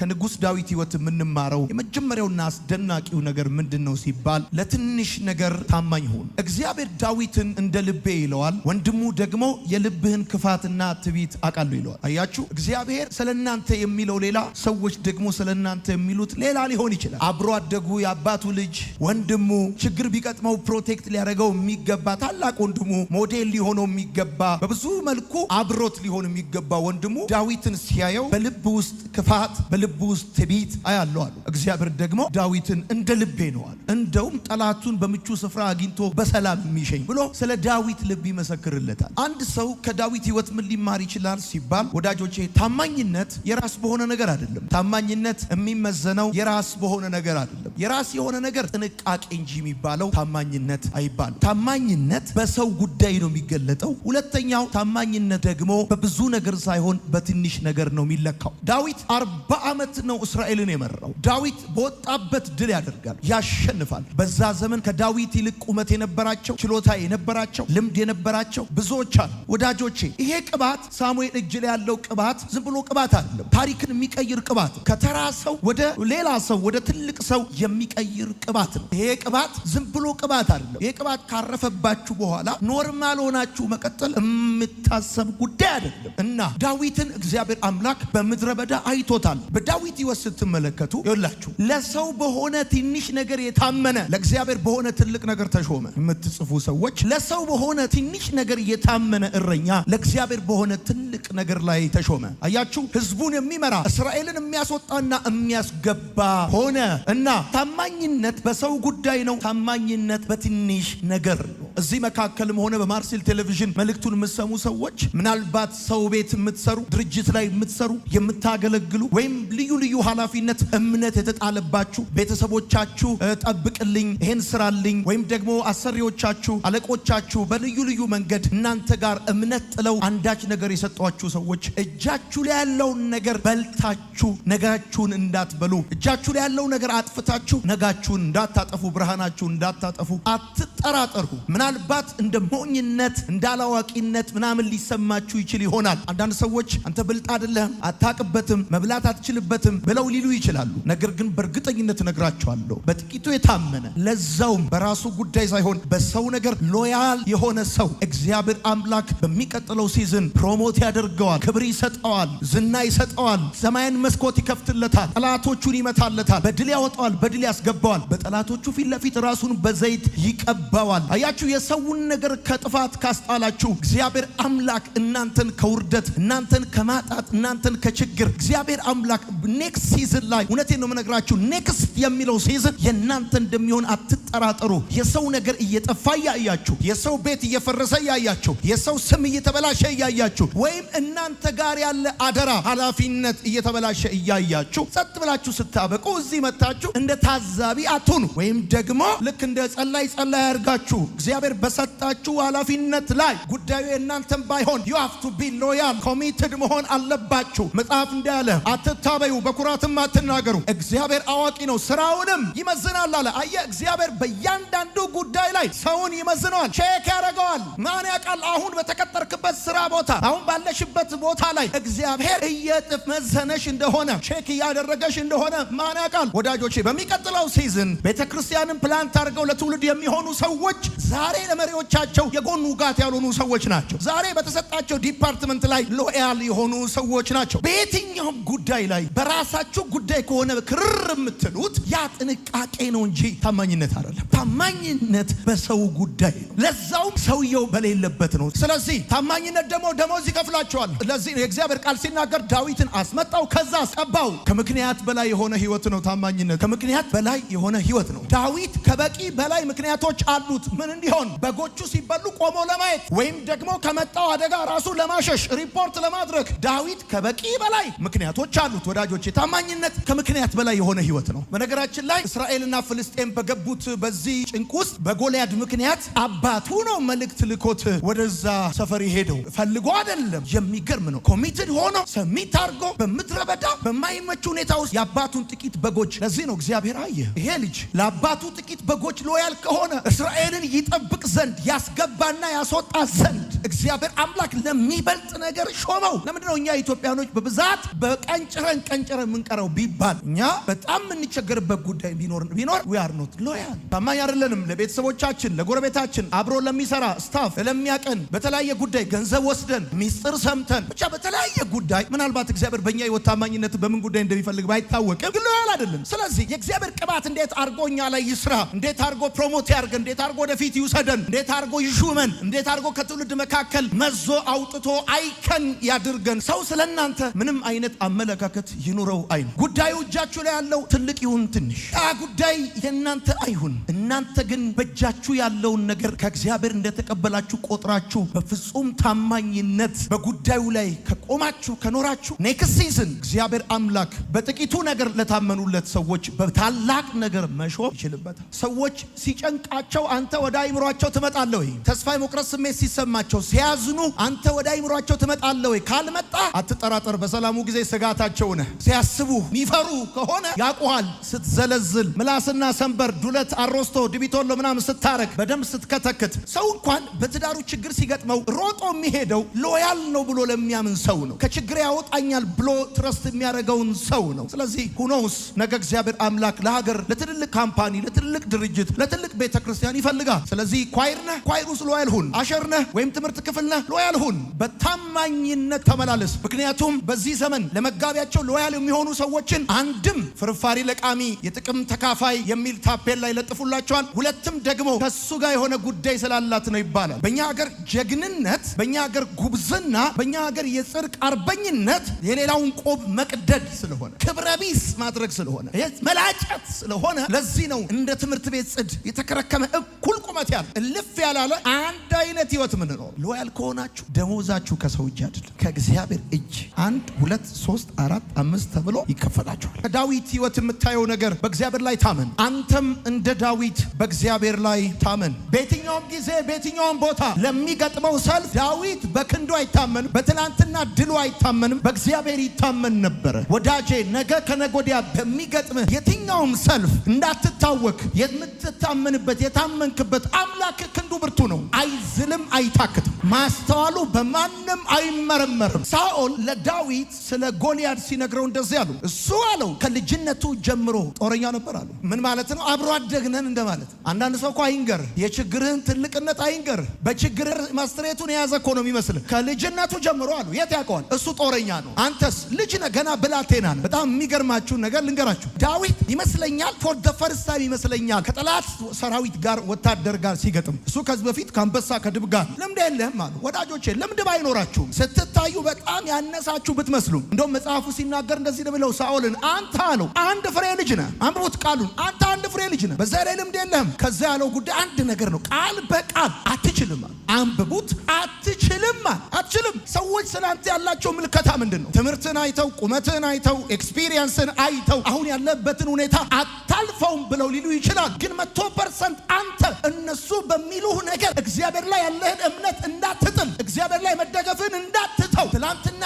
ከንጉሥ ዳዊት ሕይወት የምንማረው የመጀመሪያውና አስደናቂው ነገር ምንድን ነው ሲባል ለትንሽ ነገር ታማኝ ሁን። እግዚአብሔር ዳዊትን እንደ ልቤ ይለዋል፣ ወንድሙ ደግሞ የልብህን ክፋትና ትቢት አቃሉ ይለዋል። አያችሁ፣ እግዚአብሔር ስለ እናንተ የሚለው ሌላ፣ ሰዎች ደግሞ ስለ እናንተ የሚሉት ሌላ ሊሆን ይችላል። አብሮ አደጉ፣ የአባቱ ልጅ፣ ወንድሙ ችግር ቢቀጥመው ፕሮቴክት ሊያደርገው የሚገባ ታላቅ ወንድሙ፣ ሞዴል ሊሆነው የሚገባ በብዙ መልኩ አብሮት ሊሆን የሚገባ ወንድሙ ዳዊትን ሲያየው በልብ ውስጥ ክፋት በልቡ ውስጥ ትቢት አያለው አሉ። እግዚአብሔር ደግሞ ዳዊትን እንደ ልቤ ነው እንደውም ጠላቱን በምቹ ስፍራ አግኝቶ በሰላም የሚሸኝ ብሎ ስለ ዳዊት ልብ ይመሰክርለታል። አንድ ሰው ከዳዊት ህይወት ምን ሊማር ይችላል ሲባል ወዳጆቼ፣ ታማኝነት የራስ በሆነ ነገር አይደለም። ታማኝነት የሚመዘነው የራስ በሆነ ነገር አይደለም። የራስ የሆነ ነገር ጥንቃቄ እንጂ የሚባለው ታማኝነት አይባልም። ታማኝነት በሰው ጉዳይ ነው የሚገለጠው። ሁለተኛው ታማኝነት ደግሞ በብዙ ነገር ሳይሆን በትንሽ ነገር ነው የሚለካው። ዳዊት አርባ ዓመት ነው እስራኤልን የመራው። ዳዊት በወጣበት ድል ያደርጋል፣ ያሸንፋል። በዛ ዘመን ከዳዊት ይልቅ ቁመት የነበራቸው ችሎታ የነበራቸው ልምድ የነበራቸው ብዙዎች አሉ። ወዳጆቼ ይሄ ቅባት ሳሙኤል እጅ ላይ ያለው ቅባት ዝም ብሎ ቅባት አይደለም። ታሪክን የሚቀይር ቅባት ከተራ ሰው ወደ ሌላ ሰው ወደ ትልቅ ሰው የሚቀይር ቅባት ነው። ይሄ ቅባት ዝም ብሎ ቅባት አይደለም። ይሄ ቅባት ካረፈባችሁ በኋላ ኖርማል ሆናችሁ መቀጠል የምታሰብ ጉዳይ አይደለም እና ዳዊትን እግዚአብሔር አምላክ በምድረ በዳ አይቶታል። በዳዊት ይወስድ ስትመለከቱ ይላችሁ ለሰው በሆነ ትንሽ ነገር የታመነ ለእግዚአብሔር በሆነ ትልቅ ነገር ተሾመ። የምትጽፉ ሰዎች ለሰው በሆነ ትንሽ ነገር የታመነ እረኛ ለእግዚአብሔር በሆነ ትልቅ ነገር ላይ ተሾመ። አያችሁ፣ ህዝቡን የሚመራ እስራኤልን የሚያስወጣና የሚያስገባ ሆነ እና ታማኝነት በሰው ጉዳይ ነው። ታማኝነት በትንሽ ነገር እዚህ መካከልም ሆነ በማርሴል ቴሌቪዥን መልእክቱን የምትሰሙ ሰዎች ምናልባት ሰው ቤት የምትሰሩ፣ ድርጅት ላይ የምትሰሩ፣ የምታገለግሉ ወይም ልዩ ልዩ ኃላፊነት እምነት የተጣለባችሁ ቤተሰቦቻችሁ ጠብቅልኝ፣ ይሄን ስራልኝ ወይም ደግሞ አሰሪዎቻችሁ፣ አለቆቻችሁ በልዩ ልዩ መንገድ እናንተ ጋር እምነት ጥለው አንዳች ነገር የሰጧችሁ ሰዎች እጃችሁ ላይ ያለውን ነገር በልታችሁ ነጋችሁን እንዳትበሉ፣ እጃችሁ ላይ ያለው ነገር አጥፍታችሁ ነጋችሁን እንዳታጠፉ፣ ብርሃናችሁን እንዳታጠፉ አትጠራጠሩ። ምናልባት እንደ ሞኝነት እንደ አላዋቂነት ምናምን ሊሰማችሁ ይችል ይሆናል። አንዳንድ ሰዎች አንተ ብልጥ አይደለህም፣ አታቅበትም፣ መብላት አትችልበትም ብለው ሊሉ ይችላሉ። ነገር ግን በእርግጠኝነት እነግራችኋለሁ በጥቂቱ የታመነ ለዛውም በራሱ ጉዳይ ሳይሆን በሰው ነገር ሎያል የሆነ ሰው እግዚአብሔር አምላክ በሚቀጥለው ሲዝን ፕሮሞት ያደርገዋል፣ ክብር ይሰጠዋል፣ ዝና ይሰጠዋል፣ ሰማይን መስኮት ይከፍትለታል፣ ጠላቶቹን ይመታለታል፣ በድል ያወጣዋል፣ በድል ያስገባዋል፣ በጠላቶቹ ፊት ለፊት ራሱን በዘይት ይቀባዋል። አያችሁ የሰውን ነገር ከጥፋት ካስጣላችሁ እግዚአብሔር አምላክ እናንተን ከውርደት እናንተን ከማጣት እናንተን ከችግር እግዚአብሔር አምላክ ኔክስት ሲዝን ላይ እውነቴን ነው የምነግራችሁ። ኔክስት የሚለው ሲዝን የእናንተ እንደሚሆን አትጠራጠሩ። የሰው ነገር እየጠፋ እያያችሁ፣ የሰው ቤት እየፈረሰ እያያችሁ፣ የሰው ስም እየተበላሸ እያያችሁ፣ ወይም እናንተ ጋር ያለ አደራ ኃላፊነት እየተበላሸ እያያችሁ ጸጥ ብላችሁ ስታበቁ እዚህ መታችሁ እንደ ታዛቢ አትሁኑ። ወይም ደግሞ ልክ እንደ ጸላይ ጸላይ አድርጋችሁ እግዚአብሔር እግዚአብሔር በሰጣችሁ ኃላፊነት ላይ ጉዳዩ የእናንተን ባይሆን ዩ ሃቭ ቱ ቢ ሎያል ኮሚትድ መሆን አለባችሁ። መጽሐፍ እንዳለ አትታበዩ፣ በኩራትም አትናገሩ፣ እግዚአብሔር አዋቂ ነው ስራውንም ይመዝናል አለ። አየ እግዚአብሔር በእያንዳንዱ ጉዳይ ላይ ሰውን ይመዝነዋል፣ ቼክ ያደርገዋል። ማን ያውቃል? አሁን በተቀጠርክበት ስራ ቦታ፣ አሁን ባለሽበት ቦታ ላይ እግዚአብሔር መዘነሽ እንደሆነ ቼክ እያደረገሽ እንደሆነ ማን ያውቃል? ወዳጆቼ በሚቀጥለው ሲዝን ቤተክርስቲያንን ፕላንት አድርገው ለትውልድ የሚሆኑ ሰዎች ዛሬ ዛሬ ለመሪዎቻቸው የጎን ውጋት ያልሆኑ ሰዎች ናቸው። ዛሬ በተሰጣቸው ዲፓርትመንት ላይ ሎያል የሆኑ ሰዎች ናቸው። በየትኛውም ጉዳይ ላይ በራሳችሁ ጉዳይ ከሆነ ክርር የምትሉት ያ ጥንቃቄ ነው እንጂ ታማኝነት አይደለም። ታማኝነት በሰው ጉዳይ ነው፣ ለዛውም ሰውየው በሌለበት ነው። ስለዚህ ታማኝነት ደግሞ ደሞዝ ይከፍላቸዋል። ለዚህ የእግዚአብሔር ቃል ሲናገር ዳዊትን አስመጣው፣ ከዛ አስቀባው። ከምክንያት በላይ የሆነ ህይወት ነው ታማኝነት። ከምክንያት በላይ የሆነ ህይወት ነው። ዳዊት ከበቂ በላይ ምክንያቶች አሉት። ምን እንዲሆን ሲሆን በጎቹ ሲበሉ ቆሞ ለማየት ወይም ደግሞ ከመጣው አደጋ ራሱ ለማሸሽ ሪፖርት ለማድረግ ዳዊት ከበቂ በላይ ምክንያቶች አሉት። ወዳጆች የታማኝነት ከምክንያት በላይ የሆነ ህይወት ነው። በነገራችን ላይ እስራኤልና ፍልስጤም በገቡት በዚህ ጭንቅ ውስጥ በጎልያድ ምክንያት አባቱ ነው መልእክት ልኮት ወደዛ ሰፈር ሄደው ፈልጎ አይደለም። የሚገርም ነው። ኮሚትድ ሆኖ ሰሚት አርጎ በምድረ በዳ በማይመች ሁኔታ ውስጥ የአባቱን ጥቂት በጎች። ለዚህ ነው እግዚአብሔር አየ ይሄ ልጅ ለአባቱ ጥቂት በጎች ሎያል ከሆነ እስራኤልን ይጠብ ይጠብቅ ዘንድ ያስገባና ያስወጣ ዘንድ እግዚአብሔር አምላክ ለሚበልጥ ነገር ሾመው። ነው እኛ ኢትዮጵያኖች በብዛት በቀንጭረን ቀንጭረን የምንቀረው ቢባል እኛ በጣም የምንቸገርበት ጉዳይ ቢኖር ቢኖር ዊ ኖት ሎያል ታማኝ አይደለንም። ለቤተሰቦቻችን፣ ለጎረቤታችን፣ አብሮ ለሚሰራ ስታፍ፣ ለሚያቀን በተለያየ ጉዳይ ገንዘብ ወስደን ሚስጥር ሰምተን ብቻ በተለያየ ጉዳይ ምናልባት እግዚአብሔር በእኛ ህይወት ታማኝነት በምን ጉዳይ እንደሚፈልግ ባይታወቅም ግን ሎያል አይደለም። ስለዚህ የእግዚአብሔር ቅባት እንዴት አድርጎ እኛ ላይ ይስራ፣ እንዴት አድርጎ ፕሮሞት ያርገን፣ እንዴት አድርጎ ወደፊት ይውሰደን፣ እንዴት አድርጎ ይሹመን፣ እንዴት አድርጎ ከትውልድ መካ መካከል መዞ አውጥቶ አይከን ያድርገን። ሰው ስለ እናንተ ምንም አይነት አመለካከት ይኑረው አይነ ጉዳዩ እጃችሁ ላይ ያለው ትልቅ ይሁን ትንሽ፣ ያ ጉዳይ የእናንተ አይሁን። እናንተ ግን በእጃችሁ ያለውን ነገር ከእግዚአብሔር እንደተቀበላችሁ ቆጥራችሁ በፍጹም ታማኝነት በጉዳዩ ላይ ከቆማችሁ ከኖራችሁ ኔክስት ሲዝን እግዚአብሔር አምላክ በጥቂቱ ነገር ለታመኑለት ሰዎች በታላቅ ነገር መሾም ይችልበታል። ሰዎች ሲጨንቃቸው አንተ ወደ አይምሯቸው ትመጣለህ ወይ? ተስፋ የመቁረጥ ስሜት ሲሰማቸው ሲያዝኑ አንተ ወደ አይምሯቸው ትመጣለ ወይ? ካልመጣ አትጠራጠር። በሰላሙ ጊዜ ስጋታቸው ነህ። ሲያስቡ የሚፈሩ ከሆነ ያቁሃል። ስትዘለዝል ምላስና ሰንበር፣ ዱለት፣ አሮስቶ፣ ድቢቶሎ ምናምን ስታረግ፣ በደንብ ስትከተክት ሰው እንኳን በትዳሩ ችግር ሲገጥመው ሮጦ የሚሄደው ሎያል ነው ብሎ ለሚያምን ሰው ነው። ከችግር ያወጣኛል ብሎ ትረስት የሚያደርገውን ሰው ነው። ስለዚህ ሁኖስ ነገ እግዚአብሔር አምላክ ለሀገር ለትልልቅ ካምፓኒ፣ ለትልልቅ ድርጅት፣ ለትልቅ ቤተ ክርስቲያን ይፈልጋል። ስለዚህ ኳይር ነህ፣ ኳይር ውስጥ ሎያል ሁን። አሸር ነህ ወይም የትምህርት ክፍል ነህ፣ ሎያል ሁን። በታማኝነት ተመላለስ። ምክንያቱም በዚህ ዘመን ለመጋቢያቸው ሎያል የሚሆኑ ሰዎችን አንድም ፍርፋሪ ለቃሚ የጥቅም ተካፋይ የሚል ታፔል ላይ ለጥፉላቸዋል፣ ሁለትም ደግሞ ከሱ ጋር የሆነ ጉዳይ ስላላት ነው ይባላል። በእኛ ሀገር ጀግንነት፣ በእኛ ሀገር ጉብዝና፣ በእኛ ሀገር የጽድቅ አርበኝነት የሌላውን ቆብ መቅደድ ስለሆነ ክብረ ቢስ ማድረግ ስለሆነ መላጨት ስለሆነ ለዚህ ነው እንደ ትምህርት ቤት ጽድ የተከረከመ እኩል ቁመት ያለ እልፍ ያላለ አንድ አይነት ህይወት ምንኖር ሎያል ከሆናችሁ ደሞዛችሁ ከሰው እጅ አይደለም፣ ከእግዚአብሔር እጅ አንድ ሁለት ሶስት አራት አምስት ተብሎ ይከፈላችኋል። ከዳዊት ህይወት የምታየው ነገር በእግዚአብሔር ላይ ታመን። አንተም እንደ ዳዊት በእግዚአብሔር ላይ ታመን። በየትኛውም ጊዜ በየትኛውም ቦታ ለሚገጥመው ሰልፍ ዳዊት በክንዱ አይታመንም፣ በትናንትና ድሉ አይታመንም፣ በእግዚአብሔር ይታመን ነበረ። ወዳጄ ነገ ከነጎዲያ በሚገጥምህ የትኛውም ሰልፍ እንዳትታወክ የምትታመንበት የታመንክበት አምላክ ክንዱ ብርቱ ነው፣ አይዝልም፣ አይታክት ማስተዋሉ በማንም አይመረመርም። ሳኦል ለዳዊት ስለ ጎልያድ ሲነግረው እንደዚህ አሉ። እሱ አለው ከልጅነቱ ጀምሮ ጦረኛ ነበር አሉ። ምን ማለት ነው? አብሮ አደግነን እንደማለት። አንዳንድ ሰው እኮ አይንገር፣ የችግርህን ትልቅነት አይንገር። በችግር መስትሬቱን የያዘ እኮ ነው የሚመስል። ከልጅነቱ ጀምሮ አሉ። የት ያውቀዋል? እሱ ጦረኛ ነው። አንተስ ልጅ ነህ፣ ገና ብላቴና ነህ። በጣም የሚገርማችሁን ነገር ልንገራችሁ። ዳዊት ይመስለኛል ፎር ደ ፈርስት ታይም ይመስለኛል ከጠላት ሰራዊት ጋር ወታደር ጋር ሲገጥም እሱ ከዚህ በፊት ከአንበሳ ከድብ ጋር ልምድ የለም አሉ። ወዳጆቼ ልምድብ አይኖራችሁም ስትታዩ በጣም ያነሳችሁ ብትመስሉም እንደውም መጽሐፉ ሲናገር እንደዚህ ብለው ሳኦልን አንተ አለው አንድ ፍሬ ልጅ ነህ። አንብቦት ቃሉን አንተ አንድ ፍሬ ልጅ ነህ፣ በዛ ላይ ልምድ የለህም። ከዛ ያለው ጉዳይ አንድ ነገር ነው። ቃል በቃል አትችልም። አንብቡት አትችልም አትችልም። ሰዎች ስላንተ ያላቸው ምልከታ ምንድን ነው? ትምህርትን አይተው ቁመትን አይተው ኤክስፒሪየንስን አይተው አሁን ያለበትን ሁኔታ አታልፈውም ብለው ሊሉ ይችላል። ግን መቶ ፐርሰንት አንተ እነሱ በሚሉህ ነገር እግዚአብሔር ላይ ያለህን እምነት እንዳትጥል፣ እግዚአብሔር ላይ መደገፍን እንዳትተው ትላንትና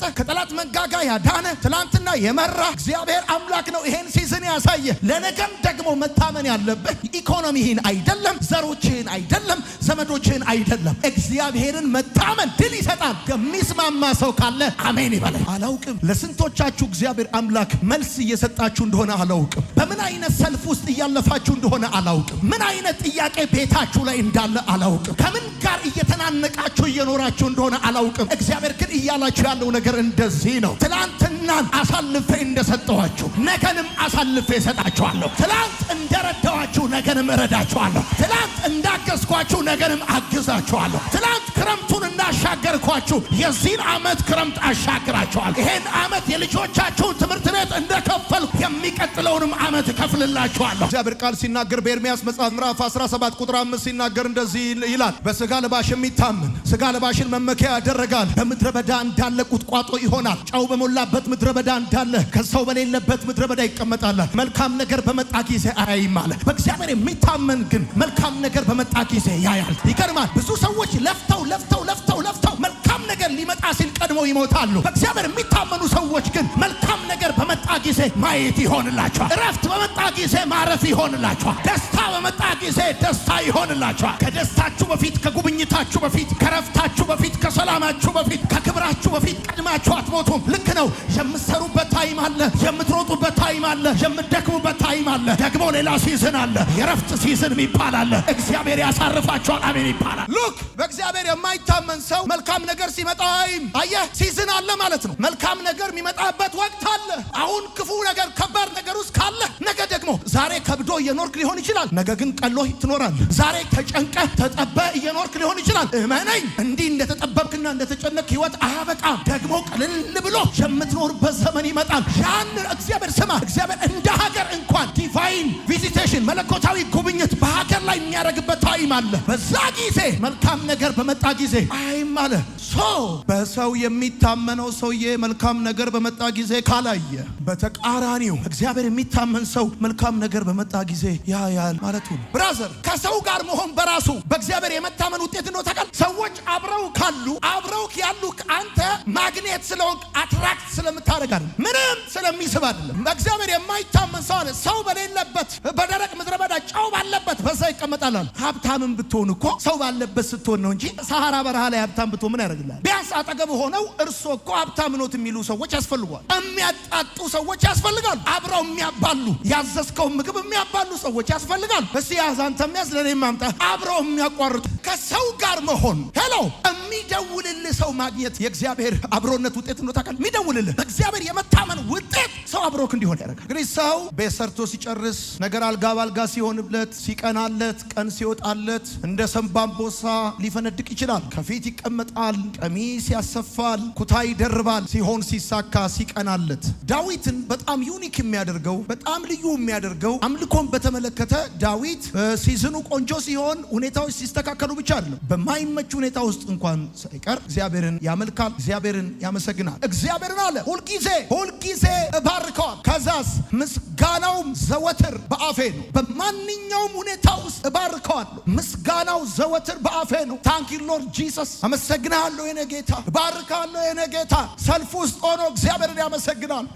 የሰጠ ከጠላት መንጋጋ ያዳነ ትላንትና የመራ እግዚአብሔር አምላክ ነው። ይሄን ሲዝን ያሳየ ለነገም ደግሞ መታመን ያለብህ ኢኮኖሚህን አይደለም፣ ዘሮችህን አይደለም፣ ዘመዶችህን አይደለም፣ እግዚአብሔርን መታመን ድል ይሰጣል። የሚስማማ ሰው ካለ አሜን ይበላል። አላውቅም ለስንቶቻችሁ እግዚአብሔር አምላክ መልስ እየሰጣችሁ እንደሆነ አላውቅም። በምን አይነት ሰልፍ ውስጥ እያለፋችሁ እንደሆነ አላውቅም። ምን አይነት ጥያቄ ቤታችሁ ላይ እንዳለ አላውቅም። ከምን ጋር እየተናነቃችሁ እየኖራችሁ እንደሆነ አላውቅም። እግዚአብሔር ግን እያላችሁ ያለው ነገር ነገር እንደዚህ ነው። ትላንትናን አሳልፌ እንደሰጠኋችሁ ነገንም አሳልፌ እሰጣችኋለሁ። ትላንት እንደረዳኋችሁ ነገንም እረዳችኋለሁ። ትላንት እንዳገዝኳችሁ ነገንም አግዛችኋለሁ። ትላንት ክረምቱን እንዳሻገርኳችሁ የዚህን ዓመት ክረምት አሻግራችኋለሁ። ይሄን ዓመት የልጆቻችሁን ትምህርት ቤት እንደከፈልኩ የሚቀጥለውንም ዓመት እከፍልላችኋለሁ። እግዚአብሔር ቃል ሲናገር በኤርምያስ መጽሐፍ ምዕራፍ 17 ቁጥር 5 ሲናገር እንደዚህ ይላል፣ በስጋ ለባሽ የሚታምን ስጋ ለባሽን መመኪያ ያደረጋል በምድረ በዳ እንዳለ ቁጥቋ ቁጥቋጦ ይሆናል። ጨው በሞላበት ምድረ በዳ እንዳለ ከሰው በሌለበት ምድረ በዳ ይቀመጣል። መልካም ነገር በመጣ ጊዜ አያይም አለ። በእግዚአብሔር የሚታመን ግን መልካም ነገር በመጣ ጊዜ ያያል። ይገርማል። ብዙ ሰዎች ለፍተው ለፍተው ለፍተው ለፍተው መልካም ነገር ሊመጣ ሲል ቀድመው ይሞታሉ። በእግዚአብሔር የሚታመኑ ሰዎች ግን መልካም ነገር በመጣ ጊዜ ማየት ይሆንላቸዋል። እረፍት በመጣ ጊዜ ማረፍ ይሆንላቸዋል። ደስታ በመጣ ጊዜ ደስታ ይሆንላቸዋል። ከደስታ በፊት ከጉብኝታችሁ በፊት ከረፍታችሁ በፊት ከሰላማችሁ በፊት ከክብራችሁ በፊት ቀድማችሁ አትሞቱም። ልክ ነው። የምትሰሩበት ታይም አለ፣ የምትሮጡበት ታይም አለ፣ የምትደክሙበት ታይም አለ። ደግሞ ሌላ ሲዝን አለ፣ የረፍት ሲዝን የሚባል አለ። እግዚአብሔር ያሳርፋችኋል። አሜን ይባላል። ሉክ በእግዚአብሔር የማይታመን ሰው መልካም ነገር ሲመጣ አይም አየህ፣ ሲዝን አለ ማለት ነው። መልካም ነገር የሚመጣበት ወቅት አለ። አሁን ክፉ ነገር ከባድ ነገር ውስጥ ካለ ነገ ደግሞ ዛሬ ከብዶ እየኖርክ ሊሆን ይችላል። ነገ ግን ቀሎህ ትኖራል። ዛሬ ተጨንቀህ ተጠበ ይመጣል። እመነኝ፣ እንዲህ እንደተጠበብክና እንደተጨነቅ ህይወት አያበቃ። ደግሞ ቅልል ብሎ የምትኖርበት ዘመን ይመጣል። ያን እግዚአብሔር ስማ፣ እግዚአብሔር እንደ ሀገር እንኳን ዲቫይን ቪዚቴሽን መለኮታዊ ጉብኝት ላይ የሚያደርግበት ታይም አለ። በዛ ጊዜ መልካም ነገር በመጣ ጊዜ አይም አለ ሰው በሰው የሚታመነው ሰውዬ መልካም ነገር በመጣ ጊዜ ካላየ፣ በተቃራኒው እግዚአብሔር የሚታመን ሰው መልካም ነገር በመጣ ጊዜ ያያል ማለቱ ነው። ብራዘር ከሰው ጋር መሆን በራሱ በእግዚአብሔር የመታመን ውጤት ነው። ታውቃል ሰዎች አብረው ካሉ አብረው ያሉ አንተ ማግኔት ስለሆንክ አትራክት ስለምታደርጋል ምንም ስለሚስብ አይደለም። በእግዚአብሔር የማይታመን ሰው አለ ሰው በሌለበት በደረቅ ምድረ በዳ ጨው ባለበት በዛ ትቀመጣላል። ሀብታምን ብትሆን እኮ ሰው ባለበት ስትሆን ነው እንጂ ሰሐራ በረሃ ላይ ሀብታም ብትሆን ምን ያደርግላል? ቢያንስ አጠገብ ሆነው እርሶ እኮ ሀብታም ኖት የሚሉ ሰዎች ያስፈልጓል። የሚያጣጡ ሰዎች ያስፈልጋሉ። አብረው የሚያባሉ ያዘዝከውን ምግብ የሚያባሉ ሰዎች ያስፈልጋሉ። እስ ያዝ አንተ የሚያዝ ለእኔ ማምጣ አብረው የሚያቋርጡ ከሰው ጋር መሆን ሄሎ የሚደውልልህ ሰው ማግኘት የእግዚአብሔር አብሮነት ውጤት ነው። ታውቃለህ፣ የሚደውልልህ በእግዚአብሔር የመታመን ውጤት ሰው አብሮክ እንዲሆን ያደርጋል። እንግዲህ ሰው ቤት ሰርቶ ሲጨርስ ነገር አልጋ ባልጋ ሲሆንለት ሲቀናል ሲወጣለት ቀን ሲወጣለት እንደ ሰንባንቦሳ ሊፈነድቅ ይችላል። ከፊት ይቀመጣል፣ ቀሚስ ያሰፋል፣ ኩታ ይደርባል። ሲሆን ሲሳካ ሲቀናለት ዳዊትን በጣም ዩኒክ የሚያደርገው በጣም ልዩ የሚያደርገው አምልኮን በተመለከተ ዳዊት ሲዝኑ ቆንጆ ሲሆን ሁኔታዎች ሲስተካከሉ ብቻ አይደለም፣ በማይመች ሁኔታ ውስጥ እንኳን ሳይቀር እግዚአብሔርን ያመልካል፣ እግዚአብሔርን ያመሰግናል። እግዚአብሔርን አለ ሁልጊዜ ሁልጊዜ እባርከዋል። ከዛስ ምስጋናውም ዘወትር በአፌ ነው። በማንኛውም ሁኔታ ውስጥ እባርከዋለሁ። ምስጋናው ዘወትር በአፌ ነው። ታንክ ሎርድ ጂሰስ። አመሰግናለሁ የኔ ጌታ፣ እባርካለሁ የኔ ጌታ። ሰልፍ ውስጥ ሆኖ እግዚአብሔርን ያመሰግናል።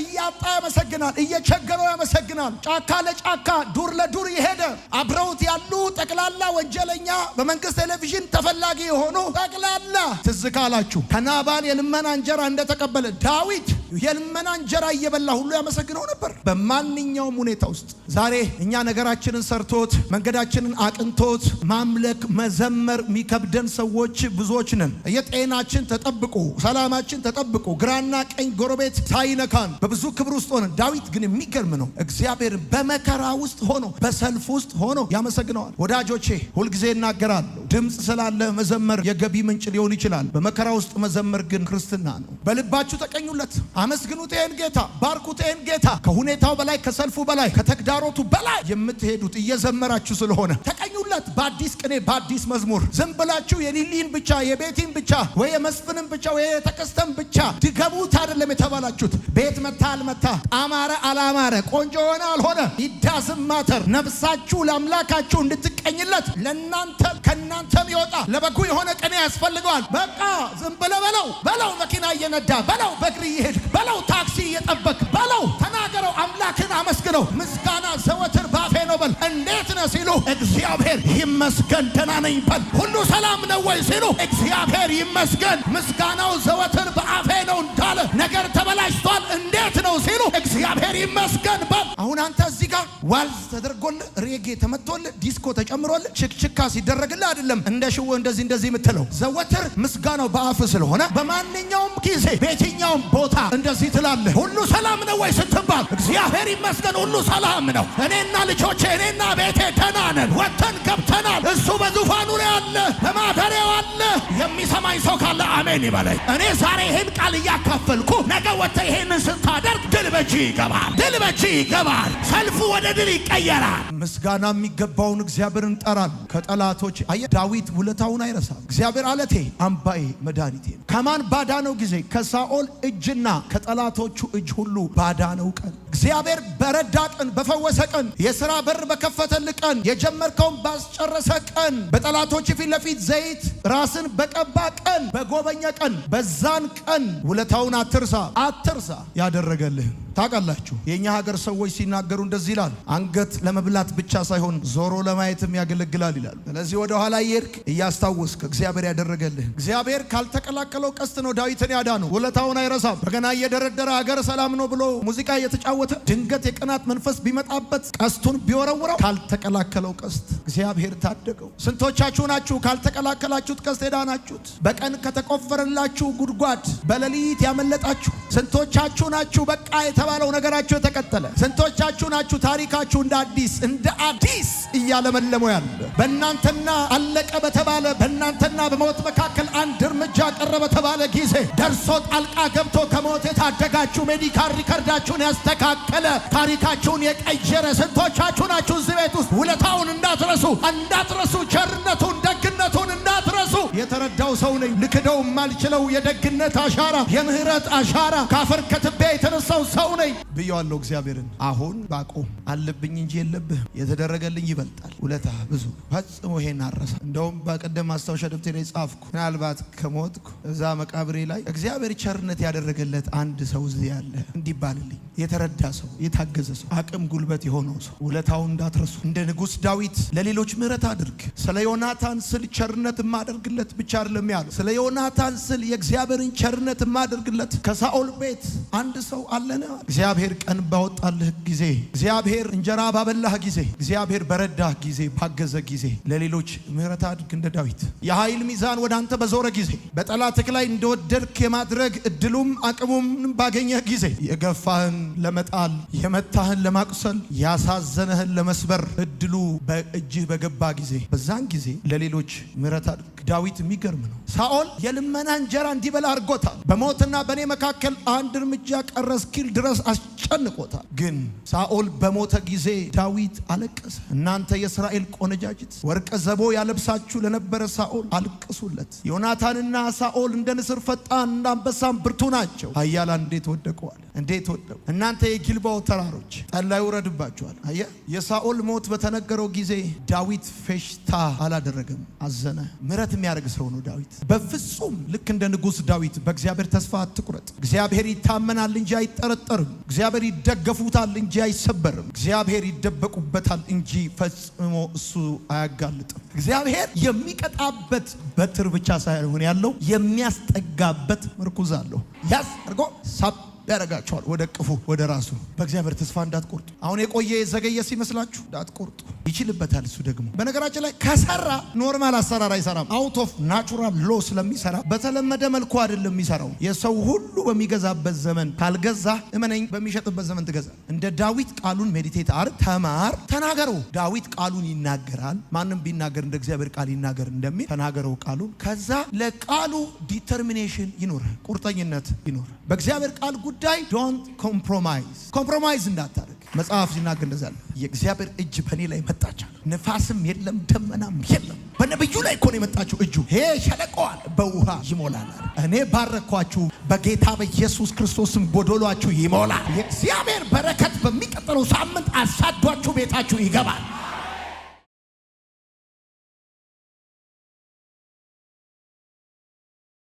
እያጣ ያመሰግናል፣ እየቸገረው ያመሰግናል። ጫካ ለጫካ ዱር ለዱር የሄደ አብረውት ያሉ ጠቅላላ ወንጀለኛ በመንግስት ቴሌቪዥን ተፈላጊ የሆኑ ጠቅላላ ትዝ ካላችሁ ከናባል የልመና እንጀራ እንደተቀበለ ዳዊት የልመና እንጀራ እየበላ ሁሉ ያመሰግነው ነበር። በማንኛውም ሁኔታ ውስጥ ዛሬ እኛ ነገራችንን ሰርቶት መንገዳችንን አቅንቶት ማምለክ መዘመር የሚከብደን ሰዎች ብዙዎች ነን። የጤናችን ተጠብቆ ሰላማችን ተጠብቆ ግራና ቀኝ ጎረቤት ሳይነካን በብዙ ክብር ውስጥ ሆነን፣ ዳዊት ግን የሚገርም ነው። እግዚአብሔር በመከራ ውስጥ ሆኖ በሰልፍ ውስጥ ሆኖ ያመሰግነዋል። ወዳጆቼ ሁልጊዜ እናገራለሁ፣ ድምፅ ስላለ መዘመር የገቢ ምንጭ ሊሆን ይችላል። በመከራ ውስጥ መዘመር ግን ክርስትና ነው። በልባችሁ ተቀኙለት። አመስግኑት ይሄን ጌታ፣ ባርኩት ይሄን ጌታ። ከሁኔታው በላይ ከሰልፉ በላይ ከተግዳሮቱ በላይ የምትሄዱት እየዘመራችሁ ስለሆነ ተቀኙለት። በአዲስ ቅኔ በአዲስ መዝሙር ዝም ብላችሁ የሊሊን ብቻ የቤቲን ብቻ ወይ የመስፍንን ብቻ ወይ የተከስተን ብቻ ድገቡት አይደለም የተባላችሁት። ቤት መታ አልመታ፣ አማረ አላማረ፣ ቆንጆ ሆነ አልሆነ ይዳዝም ማተር ነፍሳችሁ ለአምላካችሁ እንድት የሚቀኝለት ለእናንተ ከእናንተም ይወጣ ለበጉ የሆነ ቅኔ ያስፈልገዋል። በቃ ዝም ብለህ በለው በለው፣ መኪና እየነዳ በለው፣ በእግር እየሄድክ በለው፣ ታክሲ እየጠበክ በለው፣ ተናገረው፣ አምላክን አመስግነው። ምስጋና ዘወትር ነው በል። እንዴት ነህ ሲሉ እግዚአብሔር ይመስገን ደህና ነኝ በል። ሁሉ ሰላም ነው ወይ ሲሉ እግዚአብሔር ይመስገን ምስጋናው ዘወትር በአፌ ነው እንዳለ ነገር ተበላሽቷል። እንዴት ነው ሲሉ እግዚአብሔር ይመስገን በል። አሁን አንተ እዚህ ጋር ዋልዝ ተደርጎልህ ሬጌ ተመቶልህ ዲስኮ ተጨምሮልህ ችክችካ ሲደረግልህ አይደለም እንደ ሽው እንደዚህ እንደዚህ የምትለው ዘወትር ምስጋናው በአፍ ስለሆነ በማንኛውም ጊዜ በየትኛውም ቦታ እንደዚህ ትላለህ። ሁሉ ሰላም ነው ወይ ስትባል እግዚአብሔር ይመስገን ሁሉ ሰላም ነው እኔና ልጆች እኔና ቤቴ ደህና ነን፣ ወጥተን ገብተናል። እሱ በዙፋኑ ላይ አለ፣ በማደሪያው አለ። የሚሰማኝ ሰው ካለ አሜን ይበለኝ። እኔ ዛሬ ይህን ቃል እያካፈልኩ ነገ ወተ ይህንን ስታደርግ ድል በጂ ይገባል፣ ድል በጂ ይገባል። ሰልፉ ወደ ድል ይቀየራል። ምስጋና የሚገባውን እግዚአብሔር እንጠራል። ከጠላቶች አየ ዳዊት ውለታውን አይረሳም። እግዚአብሔር አለቴ፣ አምባዬ፣ መድኃኒቴ ከማን ባዳነው ጊዜ ከሳኦል እጅና ከጠላቶቹ እጅ ሁሉ ባዳነው ቀን እግዚአብሔር በረዳ ቀን፣ በፈወሰ ቀን የሥራ በር በከፈተል ቀን የጀመርከውን ባስጨረሰ ቀን በጠላቶች ፊት ለፊት ዘይት ራስን በቀባ ቀን በጎበኘ ቀን በዛን ቀን ውለታውን አትርሳ አትርሳ ያደረገልህ ታውቃላችሁ የእኛ ሀገር ሰዎች ሲናገሩ እንደዚህ ይላል፣ አንገት ለመብላት ብቻ ሳይሆን ዞሮ ለማየትም ያገለግላል ይላል። ስለዚህ ወደ ኋላ እየሄድክ እያስታወስክ እግዚአብሔር ያደረገልህ እግዚአብሔር ካልተቀላቀለው ቀስት ነው ዳዊትን ያዳነው። ውለታውን አይረሳም። በገና እየደረደረ ሀገር ሰላም ነው ብሎ ሙዚቃ እየተጫወተ ድንገት የቅናት መንፈስ ቢመጣበት ቀስቱን ቢወረውረው ካልተቀላቀለው ቀስት እግዚአብሔር ታደገው። ስንቶቻችሁ ናችሁ ካልተቀላቀላችሁት ቀስት የዳናችሁት? በቀን ከተቆፈረላችሁ ጉድጓድ በሌሊት ያመለጣችሁ ስንቶቻችሁ ናችሁ? በቃ የተባለው ነገራቸው የተቀጠለ ስንቶቻችሁ ናችሁ? ታሪካችሁ እንደ አዲስ እንደ አዲስ እያለመለመው ያለ በእናንተና አለቀ በተባለ በእናንተና በሞት መካከል አንድ እርምጃ ቀረ በተባለ ጊዜ ደርሶ ጣልቃ ገብቶ ከሞት የታደጋችሁ ሜዲካል ሪከርዳችሁን ያስተካከለ ታሪካችሁን የቀየረ ስንቶቻችሁ ናችሁ? እዚህ ቤት ውስጥ ውለታውን እንዳትረሱ እንዳትረሱ ቸርነቱን የተረዳው ሰው ነኝ። ልክደው የማልችለው የደግነት አሻራ፣ የምህረት አሻራ ካፈር ከትቢያ የተነሳው ሰው ነኝ። ብየዋለሁ። እግዚአብሔርን አሁን ባቆም አለብኝ እንጂ የለብህም፣ የተደረገልኝ ይበልጣል፣ ውለታ ብዙ ፈጽሞ ይሄን አረሳ። እንደውም በቀደም ማስታወሻ ደብተር ላይ ጻፍኩ፣ ምናልባት ከሞትኩ እዛ መቃብሬ ላይ እግዚአብሔር ቸርነት ያደረገለት አንድ ሰው እዚህ ያለ እንዲባልልኝ የተረዳ ሰው፣ የታገዘ ሰው፣ አቅም ጉልበት የሆነው ሰው ውለታውን እንዳትረሱ። እንደ ንጉሥ ዳዊት ለሌሎች ምሕረት አድርግ። ስለ ዮናታን ስል ቸርነት የማደርግለት ብቻ አይደለም ያሉ ስለ ዮናታን ስል የእግዚአብሔርን ቸርነት የማደርግለት ከሳኦል ቤት አንድ ሰው አለን እግዚአብሔር እግዚአብሔር ቀን ባወጣልህ ጊዜ፣ እግዚአብሔር እንጀራ ባበላህ ጊዜ፣ እግዚአብሔር በረዳህ ጊዜ፣ ባገዘ ጊዜ ለሌሎች ምህረት አድርግ እንደ ዳዊት። የኃይል ሚዛን ወደ አንተ በዞረ ጊዜ፣ በጠላትህ ላይ እንደወደድክ የማድረግ እድሉም አቅሙም ባገኘህ ጊዜ የገፋህን ለመጣል የመታህን ለማቁሰል ያሳዘነህን ለመስበር እድሉ በእጅህ በገባ ጊዜ በዛን ጊዜ ለሌሎች ምህረት አድርግ። ዳዊት የሚገርም ነው። ሳኦል የልመና እንጀራ እንዲበላ አድርጎታል። በሞትና በእኔ መካከል አንድ እርምጃ ቀረ እስኪል ድረስ ጨንቆታል ግን ሳኦል በሞተ ጊዜ ዳዊት አለቀሰ። እናንተ የእስራኤል ቆነጃጅት ወርቀ ዘቦ ያለብሳችሁ ለነበረ ሳኦል አልቅሱለት። ዮናታንና ሳኦል እንደ ንስር ፈጣን እንደ አንበሳም ብርቱ ናቸው። አያላን እንዴት ወደቀዋል! እንዴት ወደቁ! እናንተ የጊልባው ተራሮች ጠላ ይውረድባችኋል። አየ የሳኦል ሞት በተነገረው ጊዜ ዳዊት ፌሽታ አላደረገም፣ አዘነ። ምረት የሚያደርግ ሰው ነው ዳዊት። በፍጹም ልክ እንደ ንጉሥ ዳዊት በእግዚአብሔር ተስፋ አትቁረጥ። እግዚአብሔር ይታመናል እንጂ አይጠረጠርም። እግዚአብሔር ይደገፉታል እንጂ አይሰበርም። እግዚአብሔር ይደበቁበታል እንጂ ፈጽሞ እሱ አያጋልጥም። እግዚአብሔር የሚቀጣበት በትር ብቻ ሳይሆን ያለው የሚያስጠጋበት ምርኩዝ አለው ያስ አድርጎ ያደርጋቸዋል ወደ ቅፉ ወደ ራሱ። በእግዚአብሔር ተስፋ እንዳትቆርጡ። አሁን የቆየ የዘገየ ሲመስላችሁ እንዳትቆርጡ፣ ይችልበታል እሱ ደግሞ። በነገራችን ላይ ከሰራ ኖርማል አሰራር አይሰራም። አውት ኦፍ ናቹራል ሎ ስለሚሰራ በተለመደ መልኩ አይደለም የሚሰራው። የሰው ሁሉ በሚገዛበት ዘመን ካልገዛ እመነኝ፣ በሚሸጥበት ዘመን ትገዛ። እንደ ዳዊት ቃሉን ሜዲቴት አርግ፣ ተማር፣ ተናገረው። ዳዊት ቃሉን ይናገራል። ማንም ቢናገር እንደ እግዚአብሔር ቃል ይናገር እንደሚል ተናገረው ቃሉን። ከዛ ለቃሉ ዲተርሚኔሽን ይኖር፣ ቁርጠኝነት ይኖር በእግዚአብሔር ቃል ጉዳይ ዶንት ኮምፕሮማይዝ ኮምፕሮማይዝ እንዳታደርግ። መጽሐፍ ሲናገር እንደዛለ የእግዚአብሔር እጅ በእኔ ላይ መጣቻል። ነፋስም የለም ደመናም የለም። በነብዩ ላይ እኮ ነው የመጣችው እጁ። ሄ ሸለቀዋል በውሃ ይሞላል። እኔ ባረኳችሁ፣ በጌታ በኢየሱስ ክርስቶስም ጎዶሏችሁ ይሞላል። የእግዚአብሔር በረከት በሚቀጥለው ሳምንት አሳዷችሁ ቤታችሁ ይገባል።